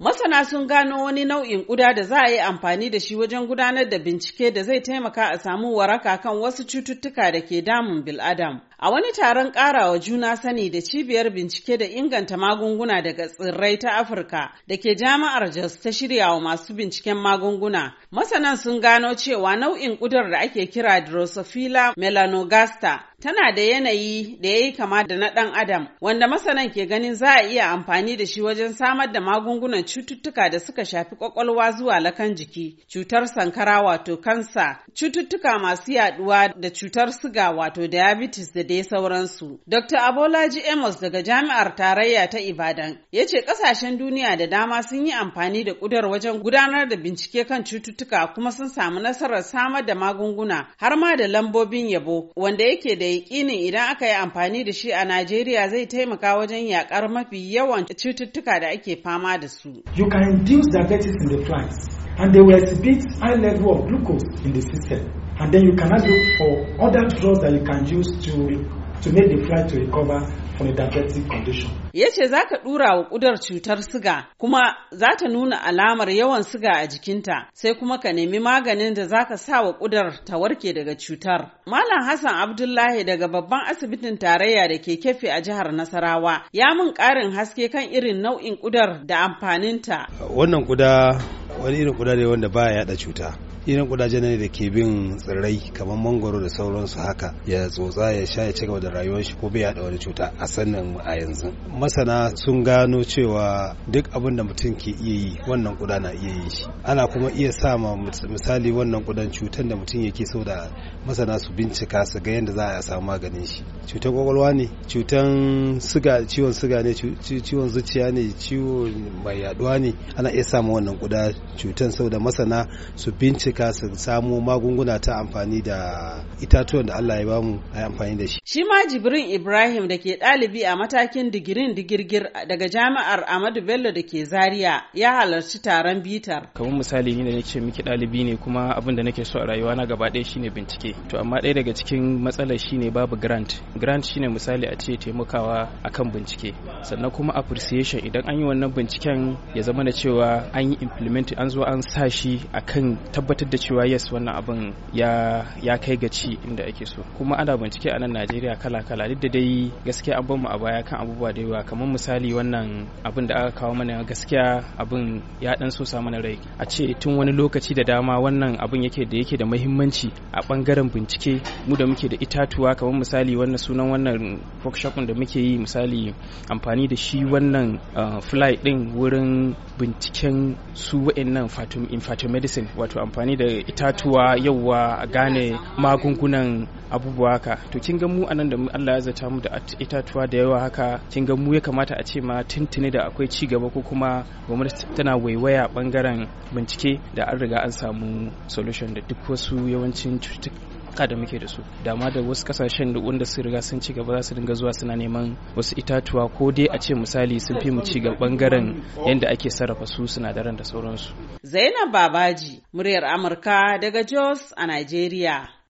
Masana sun gano wani nau'in ƙuda da za a yi amfani da shi wajen gudanar da bincike da zai taimaka a samu waraka kan wasu cututtuka da ke damun bil'adam. A wani taron ƙarawa juna sani da cibiyar bincike da inganta magunguna daga tsirrai ta Afirka da ke jami'ar Jos ta shirya wa masu binciken magunguna. Masanan sun gano cewa nau'in ƙudar da ake kira Drosophila melanogaster tana da yanayi da ya yi kama da na ɗan adam wanda masanan ke ganin za a iya amfani da shi wajen samar da magungunan cututtuka da suka shafi kwakwalwa zuwa lakan jiki cutar sankara wato kansa cututtuka masu yaduwa da cutar siga wato diabetes da dai sauransu dr abolaji amos daga jami'ar tarayya ta ibadan ya ce ƙasashen duniya da dama sun yi amfani da ƙudar wajen gudanar da bincike kan cututtuka kuma sun samu nasarar samar da magunguna har ma da lambobin yabo wanda yake da yaƙinin idan aka yi amfani da shi a Najeriya zai taimaka wajen yaƙar mafi yawan cututtuka da ake fama da su. You can induce diabetes in the plants and they will exhibit high level of glucose in the system. And then you can ask for other drugs that you can use to to make the fly to recover from a diabetic condition. Ya ce za ka ɗura wa ƙudar cutar siga kuma za ta nuna alamar yawan siga a jikinta sai kuma ka nemi maganin da za ka sa wa ƙudar ta warke daga cutar. Malam Hassan Abdullahi daga babban asibitin tarayya da ke kefe a jihar Nasarawa ya mun ƙarin haske kan irin nau'in ƙudar da amfaninta. Wannan ƙuda wani irin ƙuda ne wanda baya yaɗa cuta. irin kudaje ne da ke bin tsirrai kamar mangoro da sauransu haka ya tsotsa ya sha ya cigaba da rayuwar shi ko bai yaɗa wani cuta a sannan a yanzu masana sun gano cewa duk abin da mutum ke iya yi wannan kuda na iya yi shi ana kuma iya sa ma misali wannan kudan cutar da mutum yake so da masana su bincika su ga yadda za a samu maganin shi cutar kwakwalwa ne cutan suga ciwon suga ne ciwon zuciya ne ciwon mai yaduwa ne ana iya sa ma wannan kuda cutan da masana su bincika Afirka su samo magunguna ta amfani da itatuwan da Allah ya bamu a amfani da shi. Shi ma Jibrin Ibrahim da ke ɗalibi a matakin digirin digirgir daga jami'ar Ahmadu Bello da ke Zaria ya halarci taron bitar. Kamar misali ni da nake miki ɗalibi ne kuma abin da nake so a rayuwa na gaba ɗaya shine bincike. To amma ɗaya daga cikin matsalar shine babu grant. Grant shine misali a ce taimakawa akan bincike. Sannan kuma appreciation idan an yi wannan binciken ya zama da cewa an yi implement an zo an sa shi akan tabbatar tabbatar da cewa yes wannan abin ya kai ga ci inda ake so kuma ana bincike a nan Najeriya kala-kala duk da dai gaskiya an bar mu a baya kan abubuwa da yawa kamar misali wannan abin da aka kawo mana gaskiya abin ya dan so sa mana rai a ce tun wani lokaci da dama wannan abin yake da yake da muhimmanci a bangaren bincike mu da muke da itatuwa kamar misali wannan sunan wannan workshop da muke yi misali amfani da shi wannan fly din wurin binciken su wa'annan fatum in fatum medicine wato amfani amfani da itatuwa yauwa a gane magungunan abubuwa haka to kin ga mu anan da Allah ya zata mu da itatuwa da yawa haka kin ga mu ya kamata a ce ma tuntuni da akwai ci gaba ko kuma gwamnati tana waiwaya bangaren bincike da an riga an samu solution da duk wasu yawancin alaka da muke da su dama da wasu kasashen da wanda su riga sun ci gaba za su dinga zuwa suna neman wasu itatuwa ko dai a ce misali sun fi mu ci ga bangaren yadda ake sarrafa su sinadaran da sauransu. Zainab Babaji, muryar Amurka daga Jos a Najeriya.